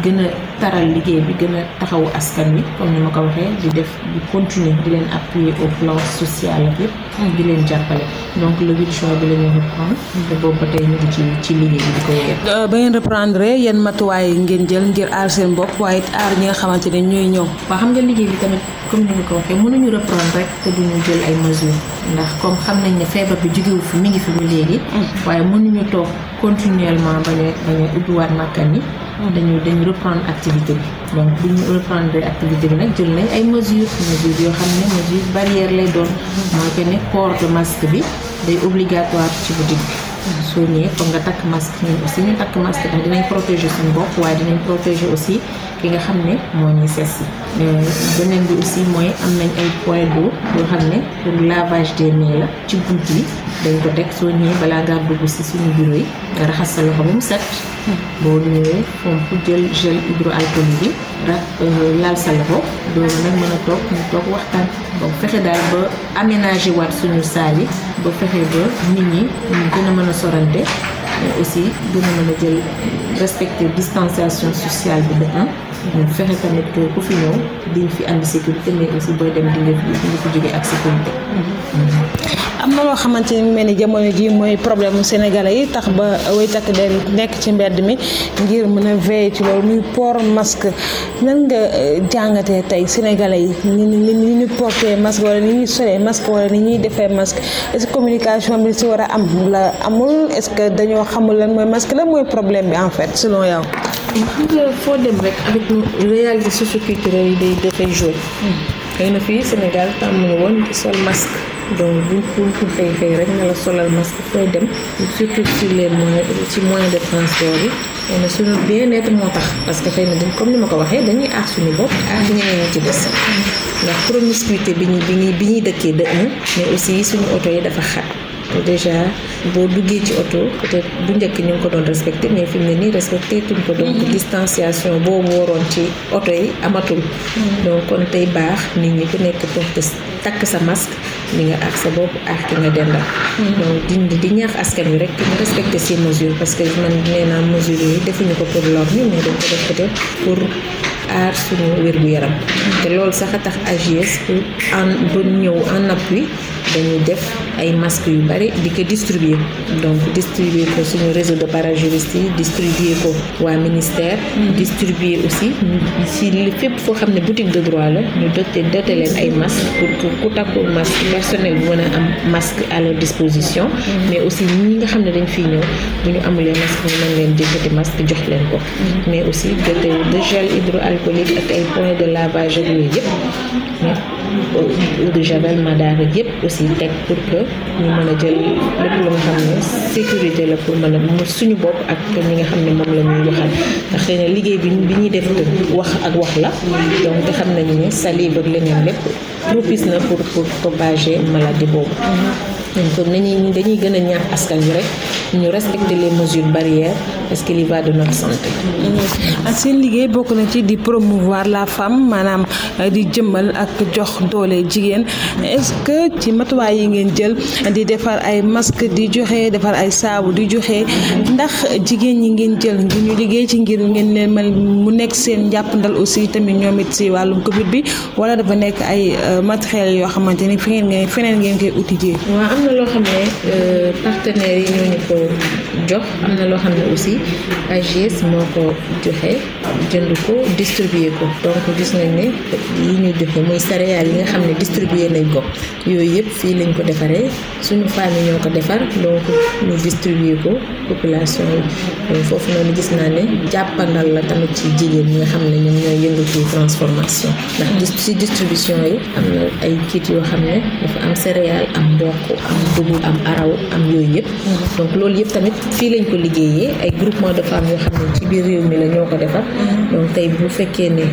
gën taral liggéey bi gën a taxawu askan wi comme ñu ma ko waxee di def di continuer di leen appuyer au plan social ak yëpp mm. di leen jàppale donc le huit bi la ñu reprendre te boobu ba ci ci liggéey euh, ba ngeen reprendre yan matuwaay ngeen jël ngir aar seen bopp waaye it aar ñi nga xamante ne ñuy ñëw. waaw xam nga liggéey bi tamit comme ni ma ko waxee mënuñu reprendre rek te duñu jël ay mesures ndax comme xam nañ ne feebar bi jógewu fi mi ngi fi bu léegi. Mm. waaye mënuñu toog continuellement bañ a bañ a ubbiwaat màkkan yi. Ah, dañu dañu reprendre activité bi donc bu ñu reprendre activité bi nag jël nañ ay mesures mesures yoo xam ne mesures barrières lay doon mooy que ne port de masque bi day obligatoire ci boutique bi su ñëwee nga takk masque suñu aussi ñu takk masque ndax dinañ protéger suñu bopp waaye dinañ protéger aussi ki nga xam ne moo ngi ses si beneen bi aussi mooy am nañ ay point d'eau yoo xam ne pour lavage des mains la ci bunt yi dañ ko teg soo ñëwee balaa ngaa dugg si suñu bureau yi nga raxas sa loxo ba mu set boo ñëwee pompe jël gel hydroalcoolique bi ra laal sa loxo doo nag mën a toog ñu toog waxtaan donc fexe daal ba aménager waat suñu saal yi ba fexe ba nit ñi gën a mën a sorante aussi gën a mën a jël respecter distanciation sociale bi de un fexe tamit ku fi ñëw diñ fi ànd sécurité mais aussi booy dem di nga fi jóge ak sécurité mm-hmm. Mm-hmm. am na loo xamante ni mu mel ni jamono ji mooy problème mu sénégalais yi tax ba way takk der nekk ci mbedd mi ngir mën a veiller ci loolu muy port masque nan nga euh, jàngatee tey sénégalais yi ni ni ni ñu porté masque wala ni ñuy defee masque est communication bi si war a am la amul est-ce que dañoo xamul lan mooy masque lan mooy problème bi en fait selon yow. xam nga foo dem rek avec réalité socioculturelle yi day dafay joué. Hmm. xëy na fii Sénégal tàmm na woon sol masque. donc bu ko fay fay rek nga la solal masque fooy dem surtout ci les moyens ci moyen de transport yi xëy suñu bien-être moo tax parce que xëy na comme ni ma ko waxee dañuy aar suñu bopp aar ñeneen ñi ci des ndax promiscuité bi ñu bi ñuy bi ñuy dëkkee de un mais aussi suñu oto yi dafa xat déjà boo duggee ci oto peut bu njëkk ñu ngi ko doon respecté mais fi mu ne nii respecté tuñ ko donc mhm. distanciation boobu waroon ci oto yi amatul mhm. donc kon tey baax nit ñi ku nekk porte takk sa masque li nga ak sa bopp ak ki nga dendal mhm. donc dindi di ñaax askan wi rek ñu respecté ces mesures parce que man nee naa mesures yooyu defuñu ko pour lor ñu mais dañ ko def peut pour aar suñu wér-gu-yaram te loolu sax a tax AJS pour en doon ñëw en appui dañuy def ay masques yu bari di ko distribuer donc distribuer ko suñu réseau de parajuristes yi distribuer ko waa ministère mm-hmm. distribuer aussi si fépp foo xam ne boutique de droit la ñu doté doté leen ay masques pour que ku takkul masque personnel bi mën a am masque à leur disposition mm-hmm. mais aussi ñi nga xam ne dañ fiy ñëw bu ñu amulee masque ñu mën leen jëkkati masque jox leen ko mm-hmm. mais aussi doté de gel hydroalcoolique ak ay points de lavage ak yooyu yëpp eau de javel madara yëpp aussi teg pour que ñu mën a jël lépp lu nga xam ne sécurité la pour mën a mu suñu bopp ak ñi nga xam ne moom la ñuy waxal ndax xëy liggéey bi ñu bi ñuy def wax ak wax la donc xam nañu ne salive ak leneen lépp propice na pour pour propager maladie boobu kon nañuy dañuy gën a ñaax askan wi rek ñu respecter les mesures barrières parce qu'il y va de notre santé. ak ah, seen liggéey bokk na ci di promouvoir la femme maanaam euh, di jëmmal ak jox doole jigéen est ci matuwaay yi ngeen jël di defar ay masque di joxe defar ay saabu di joxe ndax jigéen ñi ngeen jël ngir ñu liggéey ci ngir ngeen leen mën mu nekk seen njàppandal aussi tamit ñoom it si wàllum Covid bi wala dafa nekk ay euh, matériel yoo xamante ni fi ngeen feneen ngeen koy utiliser. na loo xam ne euh, partenaires yi ñu ko jox am na loo xam ne aussi AGS moo ko joxe jënd ko distribuer ko donc gis nañ ne yi ñu joxe muy céréales yi nga xam ne distribuer nañ ko yooyu yëpp fii lañ ko defaree suñu famille ñoo ko defar donc ñu distribuer ko population yi foofu noonu gis naa ne jàppandal la tamit ci jigéen ñi nga xam ne ñoom ñooy yëngu ci transformation ndax ci distribution yi am na ay kit yoo xam ne dafa am céréales am mboq am bëggul am araw am yooyu yëpp donc loolu yëpp tamit fii lañ ko liggéeyee ay groupement de femmes yoo xam ne ci biir réew mi la ñoo ko defar mm-hmm. donc tey bu fekkee ne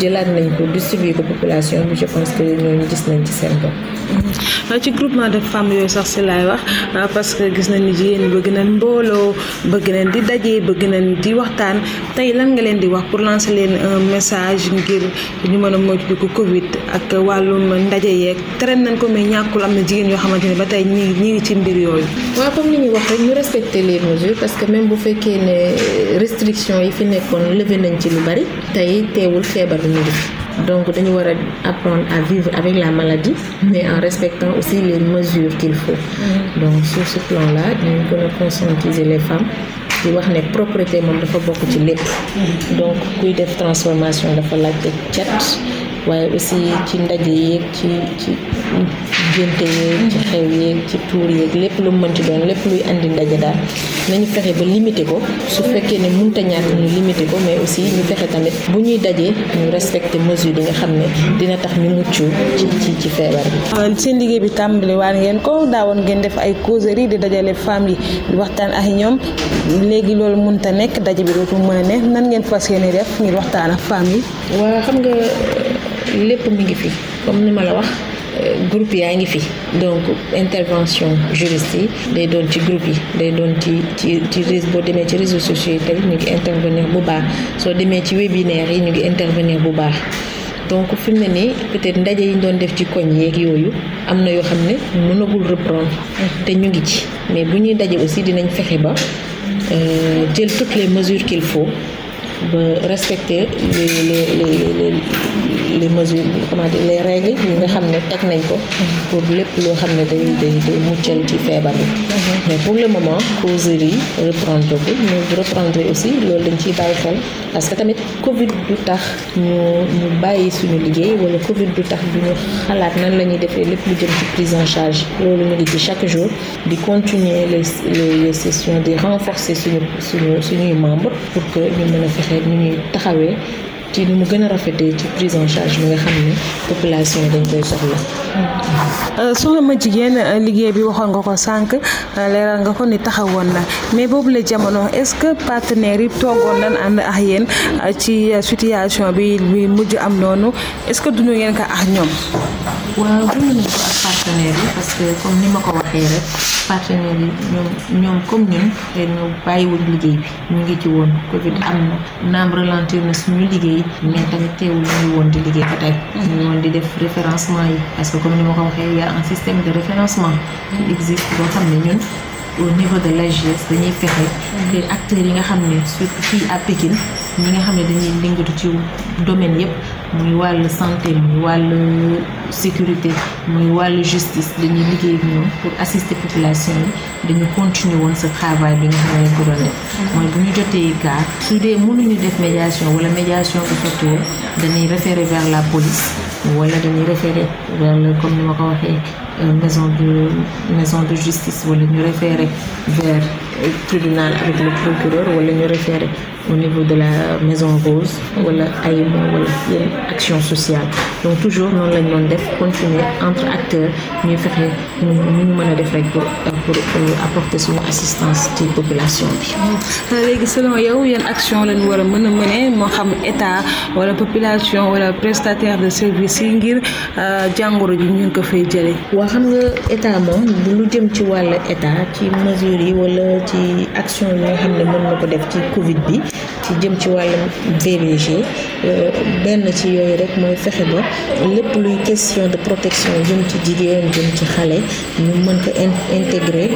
jëlaat nañ ko distribuer ko population bi je pense que ñooñu gis nañ ci seen bopp. Mm-hmm. ci groupement de femmes yooyu sax si laay wax ah, parce que gis nañ ni jigéen bëgg nañ mbooloo bëgg nañ di daje bëgg nañ di waxtaan tey lan nga leen di wax pour lancer leen un message ngir ñu mën a moytu Covid ak wàllum ndaje yeeg tere nañ ko mais ñàkkul am na jigéen yoo xamante ne ba tey ñii ñi ci mbir yooyu. waaw comme ni ñu wax rek ñu respecter les mesures parce que même bu fekkee ne restrictions yi fi nekkoon levé nañ ci lu bari tey teewul feebar bi donc dañu war a apprendre à vivre avec la maladie mais en respectant aussi leen mesures qu'il faut mm-hmm. donc sur ce plan là dañu gën a conscientiser les femmes di wax ne propreté moom dafa bokk ci lépp mm-hmm. donc kuy def transformation dafa laajte cet waaye aussi ci ndaje yeeg ci ci génte yeeg ci xew yeeg ci tuur yeeg lépp lu mën ci doon lépp luy andi ndaje daal nañu fexe ba limité ko su fekkee ne mënta ñàkk ñu limité ko mais aussi ñu fexe tamit bu ñuy dajee ñu respecté mesure di nga xam ne dina tax ñu mucc ci ci ci feebar bi. Euh, seen liggéey bi tàmbali waan ngeen ko daawoon ngeen def ay causerie di dajale femmes yi di waxtaan ak ñoom léegi loolu mënta nekk daje bi dootul mën nan ngeen fas yéene def ngir waxtaan ak femmes lépp mu ngi fi comme ni ma la wax euh, groupe yaa ngi fi donc intervention juriste yi day doon ci groupe yi day doon ci ci ci réseau boo demee ci réseaux sociaux yi tamit ñu ngi intervenir bu baax soo demee ci webinaire yi ñu ngi intervenir bu baax donc fi mu ne nii peut-être ndaje yi ñu doon def ci koñ yeeg yooyu am na yoo xam ne mënagul reprendre mm-hmm. te ñu ngi ci mais bu ñuy daje aussi dinañ fexe ba euh, jël toutes les mesures qu'il faut ba respecter les les les les mesures comment dire les règles yi nga xam ne teg nañ ko pour lépp loo xam ne day day day ci feebar bi mhm. mais pour le moment causerie yi reprendre bi ñu reprendre aussi loolu dañ ciy bàyyi xel parce que tamit covid du tax ñu ñu bàyyi suñu liggéey wala covid du tax du ñu xalaat nan la ñuy defee lépp lu jëm ci prise en charge loolu ñu ngi ci chaque jour di continuer les les sessions di renforcer suñu suñu suñuy membres pour que ñu mën a fexe ñu ñuy taxawee ci ni gën a rafetee ci prise en xam ne population yi dañ koy soxla. Euh, soxna ma jigéen liggéey bi waxoon nga ko sànq leeral nga ko ni taxawoon na mais boobu la jamono est-ce que partenaires yi toogoon nañ ànd ak yéen ci situation bi bi mujj am noonu est-ce que du duñu ngeen ko ak ñoom. waaw gën ko ak partenaires yi parce que comme ni ma ko waxee rek partenaires yi ñoom ñoom comme ñun eh, ñu bàyyiwuñ liggéey bi mu ngi ci woon covid am na naam ralentir na suñu liggéey mais tamit teewul ñu ngi woon di liggéey ba tey mm-hmm. ñu woon di def référencement yi parce que comme ni ma ko waxee y'a un système de référencement qui mm-hmm. existe boo xam ne ñun au niveau de l'AGS ñuy fexe te mm-hmm. acteurs yi nga xam ne surtout fii à Pikine ñi nga xam ne dañuy yëngatu ci domaine yëpp muy wàll santé muy wàllu sécurité muy wàllu justice dañuy liggéey ñoom pour assister population yi dañu continuer woon sa travail bi nga xam ne ko mm-hmm. mooy bu ñu jotee cas su dee mënuñu def médiation wala médiation effectuée dañuy référer vers la police wala dañuy référer vers le comme ni ma ko waxee Euh, maison de maison de justice wala ñu référer vers euh, tribunal avec le procureur wala ñu référer au niveau de la maison rose wala AIMO wala yenn action sociale donc toujours noonu lañu doon def continuer entre acteurs ñuy fexe ñu ñu mën a def rek pour pour apporter suñu assistance ci population bi. Euh, léegi selon yow yan action lañu war mën a mëne moo xam état wala population wala prestataire de service yi ngir jàngoro ji ñu ngi ko fay jëlee. waaw xam nga état moom lu jëm ci wàll état ci mesures yi wala ci action yi nga xam ne mën na ko def ci Covid bi ci jëm ci wàll VBG euh, benn ci yooyu rek mooy fexe ba lépp luy question de protection jëm ci jigéen jëm ci xale ñu mën ko intégrer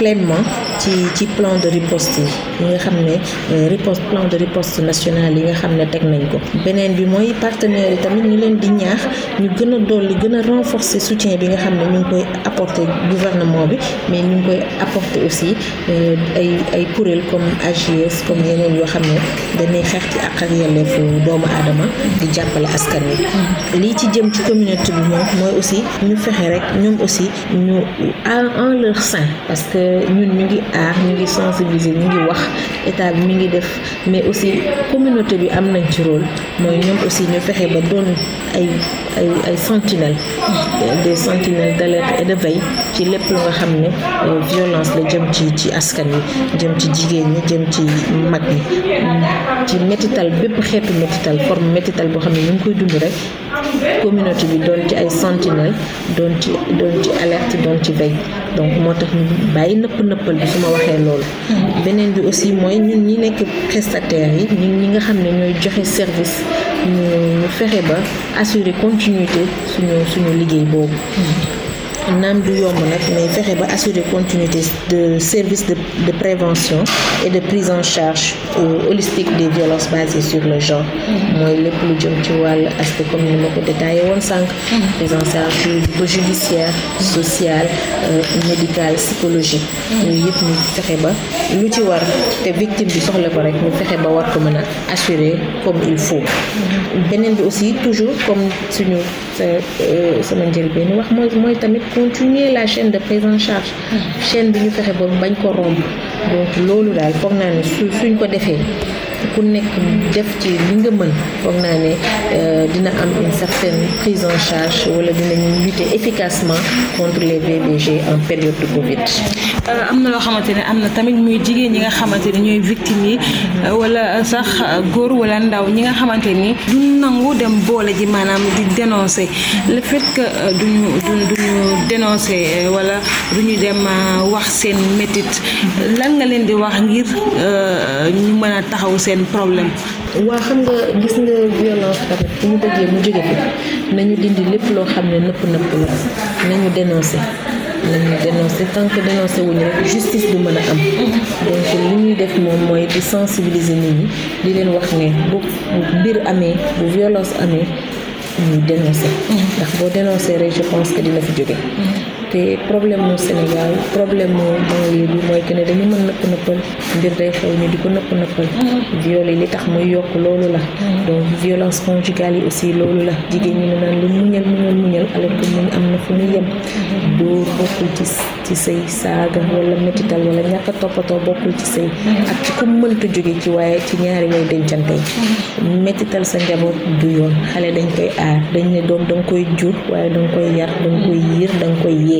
pleinement ci ci plan de riposte yi nga xam ne euh, riposte plan de riposte national yi nga xam ne teg nañ ko beneen bi mooy partenaires yi tamit ñu leen di ñaax ñu gën a dolli gën a renforcer soutien bi nga xam ne ñu ngi koy apporter gouvernement bi mais ñu ngi koy apporter aussi euh, ay ay kuréel comme AGS comme yeneen yoo xam ne danay xeex ci àq ak yelleefu doomu aadama di jàppale askan yi lii ci jëm ci communauté bi moom mooy aussi ñu fexe rek ñoom aussi ñu en leur sein parce ñun ñu ngi aar ñu ngi sensibiliser ñu ngi wax état mi ngi def mais aussi communauté bi am nañ ci rôle mooy ñoom aussi ñu fexe ba doon ay ay ay sentinelles des sentinelles d'alerte et de veille ci lépp lu nga xam ne euh, violence la jëm ci ci askan wi jëm ci jigéen ñi jëm ci mag ñi ci métital bépp xeetu métital forme métital boo xam ne ñu ngi koy dund rek communauté bi doon ci ay sentinelle doon ci doon ci alerte doon ci veille donc moo tax ñu bàyyi nëpp nëppal bi su ma waxee loolu beneen bi aussi mooy ñun ñi nekk prestataires yi ñun ñi nga xam ne ñooy joxe service ñu fexe ba assurer continuité suñu suñu liggéey boobu naam du yomb nag mais fexe ba assurer continuité de service de de prévention et de prise en charge holistique des violences basées sur le genre. Mm-hmm. mooy lépp lu jëm ci wàll aspect comme ni ma ko détaillé woon sànq. Mm-hmm. prise en charge ko judiciaire sociale euh, médicale psychologique. Mm-hmm. yooyu yëpp ñu fexe ba lu ci war te victime bi soxla ko rek mu fexe ba war ko mën a assurer comme il faut. beneen bi aussi toujours comme suñu euh, sama njëlbeen wax mooy mooy tamit. continuer la chaine de prise en charge chaîne bi ñu fexe ba bañ ko romb donc loolu daal foog naa ne suñ ko defee ku nekk def ci li nga mën foog naa ne euh, dina am une certaine prise en charge wala dinañu lutter efficacement contre les VBG en période de Covid. Euh, am na loo xamante ne am na tamit muy jigéen ñi nga xamante ni ñooy victime yi euh, wala sax góor wala ndaw ñi nga xamante ni duñ nangu dem boole ji maanaam di dénoncer le fait que duñu duñu duñu dénoncer wala duñu dem wax seen métit lan nga leen di wax ngir ñu mën a taxaw seen seen problème. waa xam nga gis nga violence tamit bu mu bëggee mu jóge fi nañu dindi lépp loo xam ne nëpp nëpp la nañu dénoncé nañu dénoncé tant que wu wuñu rek justice du mën a am. donc li muy def moom mooy di sensibiliser nit ñi di leen wax ne bu mbir amee bu violence amee ñu dénoncé. Mm-hmm. ndax boo dénoncé rek je pense que dina fi jóge. Mm-hmm. te problème mu Sénégal problème mu banlieue bi mooy que ne dañu mën nëpp nëppal mbir day ñu di ko nëpp nëppal mm-hmm. viol yi li tax muy yokk loolu la mm-hmm. donc violence conjugale yi aussi loolu la jigéen ñi ne naan lu muñal muñal muñal alors que am na fu muy yem mm-hmm. dóor bokkul ci ci sëy saaga wala métital wala ñàkk a toppatoo bokkul ci sëy ak ci ku mënta jóge ci waaye ci ñaari way dencante yi métital sa njaboot du yoon xale dañ koy aar dañ ne doom danga koy jur waaye danga koy yar danga koy yiir danga koy yee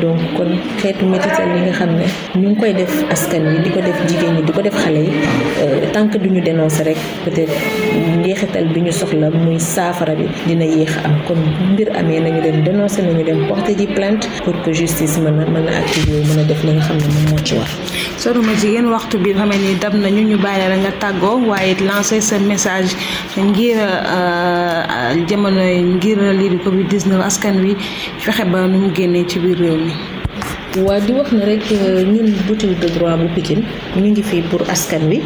donc kon xeetu métital yi nga xam ne ñu ngi koy def askan yi di ko def jigéen ñi di ko def xale yi euh, tant que duñu dénoncer rek peut-être njeexital bi ñu soxla muy saafara bi dina yéex am kon mbir amee nañu dem dénoncer nañu dem porter ji plainte pour que justice mën a mën a activer mën a def li nga xam ne moom moo ci war. soruma jigéen waxtu bi xamee ni dab nañu ñu bàyyi la nga tàggoo waaye lancer sa message ngir euh, jamono ngir lii di Covid 19 askan wi fexe ba nu mu génnee ci biir réew mi waa di wax na rek euh, ñun boutique de droit bu Pikine ñu ngi fii pour askan wi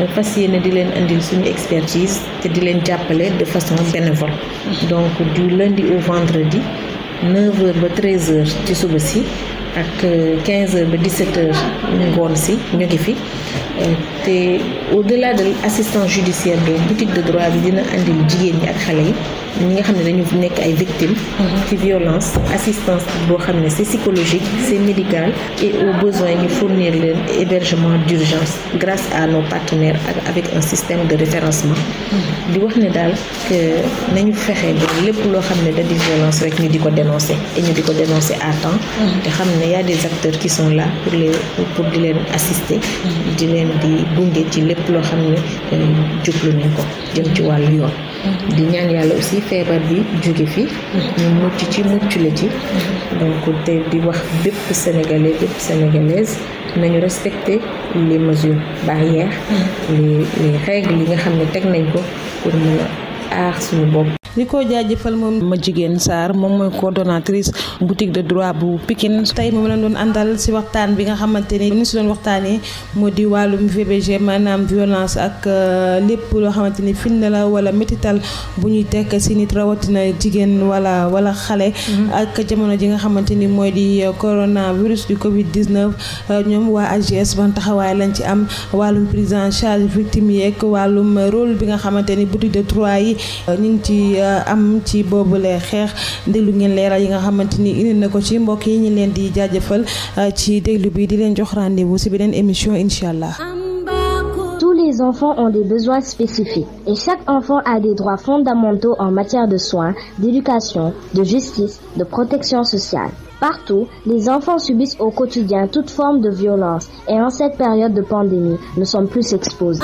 euh, fas yéene di leen indil suñu expertise te di leen jàppale de façon bénévole donc du lundi au vendredi 9h ba 13h ci suba si ak 15h euh, ba 17h ngoon si ñu ngi fi te au-delà de l'assistance judiciaire de boutique de droit bi dina andil jigéen ñi ak xale yi ñi nga xam ne dañu nekk ay victimes mhm. ci violence assistance boo xam ne c'est psychologique c'est médical et au besoin ñu fournir leen hébergement d'urgence grâce à nos partenaires ak avec un système de référencement mhm. di wax ne daal que nañu fexe ba lépp loo xam ne dañu di violence rek ñu di ko dénoncer et ñu di ko dénoncer à temps mhm. te xam ne y a des acteurs qui sont là pour les pour di di leen di gunge ci lépp loo xam ne eh, jublu nañ ko jëm ci wàll yoon mm-hmm. di ñaan yàlla aussi feebar bi jóge fi mm-hmm. ñu mucc ci mucc la ci mm-hmm. donc te di wax bépp sénégalais bépp sénégalaise nañu respecte les mesures barrières les les règles yi nga xam ne teg nañ ko pour mën a aar suñu bopp di ko jaajëfal moom ma jigéen Sarr moom mooy coordonnatrice boutique de droit bu pikin tey moom lañ doon àndal si waxtaan bi nga xamante ni ñu si doon waxtaanee moo di wàllum VBG maanaam violence ak euh, lépp loo xamante ni fitna la wala métital bu ñuy tekk si nit rawatina jigéen wala wala xale mm-hmm. ak jamono ji nga xamante ni mooy di euh, coronavirus du Covid 19 euh, ñoom waa AGS ban taxawaay lañ ci am wàllum prise en charge victime yeeg wàllum rôle bi nga xamante ni boutique de troit yi ñu ngi ci Euh, am ci boobule xeex déglu ngeen leeral yi nga xamante ni indi na ko ci mbokk yi ñu leen di jaajëfal euh, ci déglu bi di leen jox rendez-vous si beneen émission incha allah. Tous les enfants ont des besoins spécifiques et chaque enfant a des droits fondamentaux en matière de soins, d'éducation, de justice, de protection sociale. Partout, les enfants subissent au quotidien toute forme de violence et en cette période de pandémie, nous sommes plus exposés.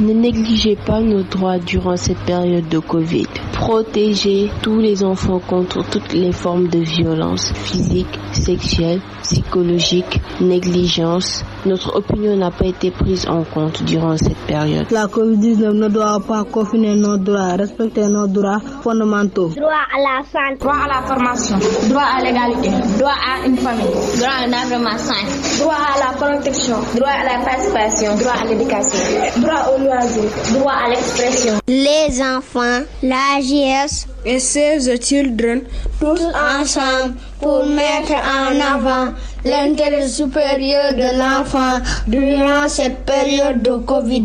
Ne négligez pas nos droits durant cette période de Covid. Protégez tous les enfants contre toutes les formes de violence physique, sexuelle, psychologique, négligence, Notre opinion n'a pas été prise en compte durant cette période. La covid ne doit pas confiner nos droits, respecter nos droits fondamentaux. Droit à la santé. Droit à la formation. Droit à l'égalité. Droit à une famille. à la protection. Droit à la participation. Droit à l'éducation. Droit au loisir. Droit à l'expression. Les enfants, la GS and save the children tous ensemble pour mettre en avant l'intérêt supérieur de l'enfant durant cette période de Covid.